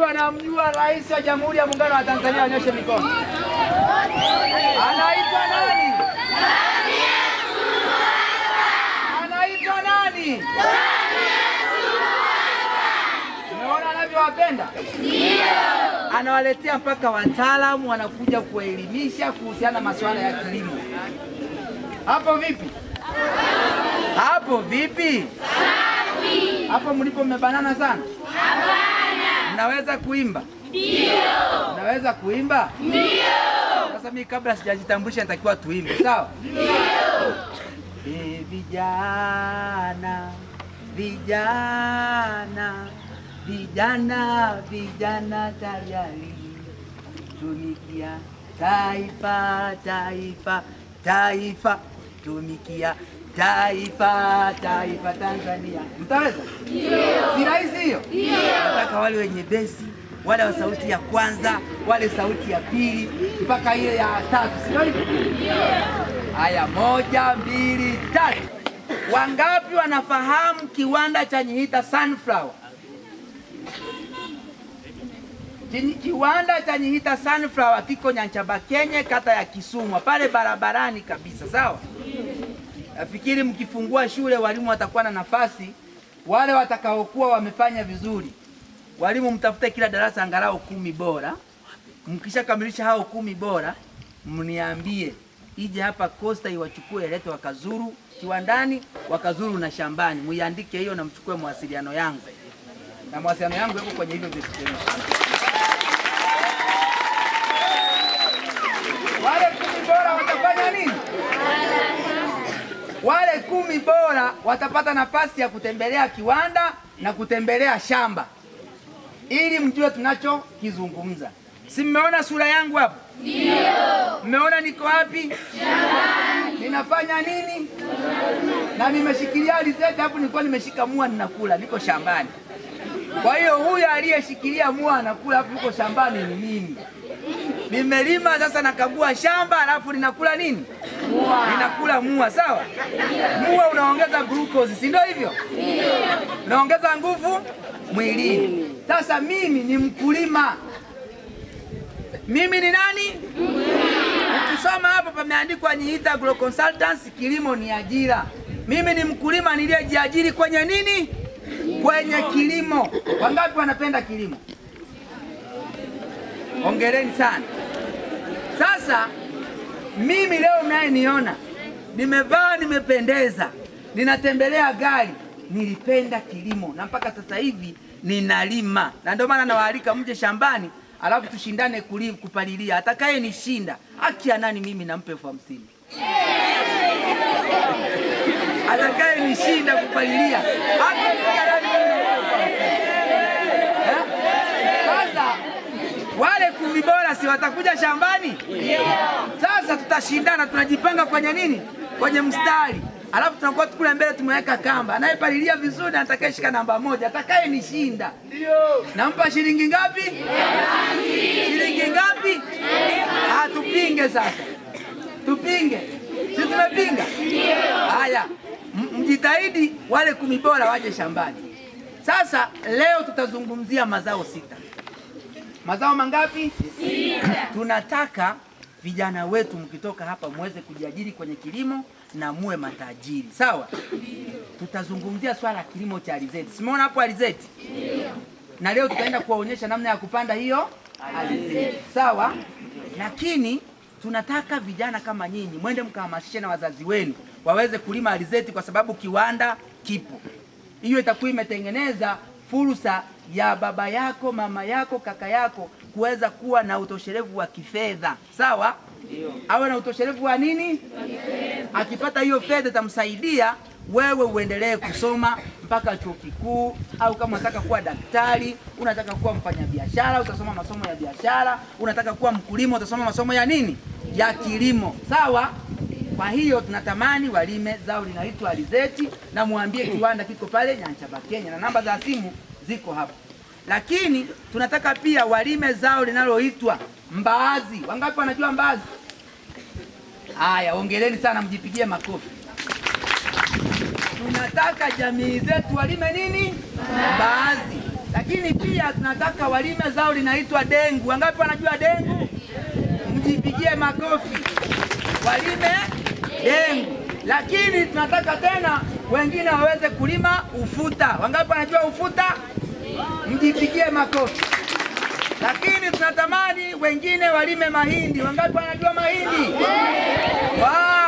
mtu anamjua Rais wa Jamhuri ya Muungano wa Tanzania? Anyoshe mikono. Anaitwa nani? Anaitwa nani? Umeona anavyowapenda, anawaletea mpaka wataalamu wanakuja kuwaelimisha kuhusiana masuala ya kilimo. Hapo vipi? Hapo vipi? Hapo mlipo mmebanana sana naweza kuimba? Ndio. Naweza kuimba? Ndio. Sasa mimi kabla sijajitambulisha nitakiwa tuimbe, sawa? Ndio. Eh, vijana, vijana, vijana, vijana tayari tumikia taifa, taifa, taifa tumikia Taifa, taifa Tanzania. Mtaweza? Ndio. Si rahisi hiyo? Ndio. Nataka wale wenye besi, wale wa sauti ya kwanza, wale sauti ya pili mpaka ile ya tatu, si ndio? Haya, moja, mbili, tatu. Wangapi wanafahamu kiwanda cha Nyihita Sunflower? Kiwanda cha Nyihita Sunflower kiko Nyanchaba Kenye, kata ya Kisumwa, pale barabarani kabisa, sawa? Nafikiri mkifungua shule walimu watakuwa na nafasi, wale watakaokuwa wamefanya vizuri, walimu mtafute kila darasa angalau kumi bora. Mkishakamilisha hao kumi bora, mniambie ije hapa Costa iwachukue ilete wakazuru kiwandani, wakazuru na shambani. Muiandike hiyo na mchukue mawasiliano yangu, na mawasiliano yangu yako kwenye hivyo vitu. kumi bora watapata nafasi ya kutembelea kiwanda na kutembelea shamba ili mjue tunachokizungumza. Si mmeona sura yangu hapo? Ndio. Mmeona niko wapi? Shambani. Ninafanya nini? Na nimeshikilia alizeti hapo, nilikuwa nimeshika mua ninakula, niko shambani. Kwa hiyo huyu aliyeshikilia mua anakula hapo, yuko shambani ni mimi. Nimelima sasa, nakagua shamba alafu ninakula nini? ninakula mua. Sawa, mua unaongeza glucose, si ndio? Hivyo unaongeza nguvu mwilini. Mm. Sasa mimi ni mkulima, mimi ni nani? Ukisoma hapo pameandikwa Nyiita Agro Consultants, kilimo ni ajira. Mimi ni mkulima niliyejiajiri kwenye nini? Kwenye kilimo. Wangapi wanapenda kilimo? Ongereni sana. Sasa mimi leo mnayeniona nimevaa, nimependeza, ninatembelea gari, nilipenda kilimo na mpaka sasa hivi ninalima, na ndio maana nawaalika mje shambani, alafu tushindane kulivu, kupalilia. Atakaye nishinda haki ya nani? Mimi nampe elfu hamsini atakaye nishinda kupalilia haki watakuja shambani? Sasa tutashindana, tunajipanga kwenye nini? Kwenye mstari, alafu tunakuwa tukule mbele, tumeweka kamba. Anayepalilia vizuri na atakayeshika namba moja, atakaye nishinda nampa shilingi ngapi? Shilingi ngapi? Yeah. Tupinge sasa, tupinge, si tumepinga? Haya, Mjitahidi wale kumi bora waje shambani. Sasa leo tutazungumzia mazao sita mazao mangapi? Sita. Tunataka vijana wetu mkitoka hapa muweze kujiajiri kwenye kilimo na muwe matajiri, sawa? Tutazungumzia swala kilimo cha alizeti. Simeona hapo alizeti, na leo tutaenda kuwaonyesha namna ya kupanda hiyo alizeti, sawa? Lakini tunataka vijana kama nyinyi mwende mkahamasishe na wazazi wenu waweze kulima alizeti, kwa sababu kiwanda kipo, hiyo itakuwa imetengeneza fursa ya baba yako, mama yako, kaka yako kuweza kuwa na utoshelevu wa kifedha sawa. Awe na utoshelevu wa nini? Akipata hiyo fedha itamsaidia wewe uendelee kusoma mpaka chuo kikuu, au kama unataka kuwa daktari, unataka kuwa mfanyabiashara, utasoma masomo ya biashara. Unataka kuwa mkulima, utasoma masomo ya nini? Ya kilimo sawa. Kwa hiyo tunatamani walime zao linaitwa alizeti, na muambie kiwanda kiko pale Nyanchaba Kenya, na namba za simu ziko hapo. Lakini tunataka pia walime zao linaloitwa mbaazi. Wangapi wanajua mbaazi? Haya, ongeleni sana, mjipigie makofi. Tunataka jamii zetu walime nini? Mbaazi. Lakini pia tunataka walime zao linaitwa dengu. Wangapi wanajua dengu? Mjipigie makofi walime dengu, lakini tunataka tena wengine waweze kulima ufuta. Wangapi wanajua ufuta? Mjipigie makofi. Lakini tunatamani wengine walime mahindi. Wangapi wanajua mahindi? Wow.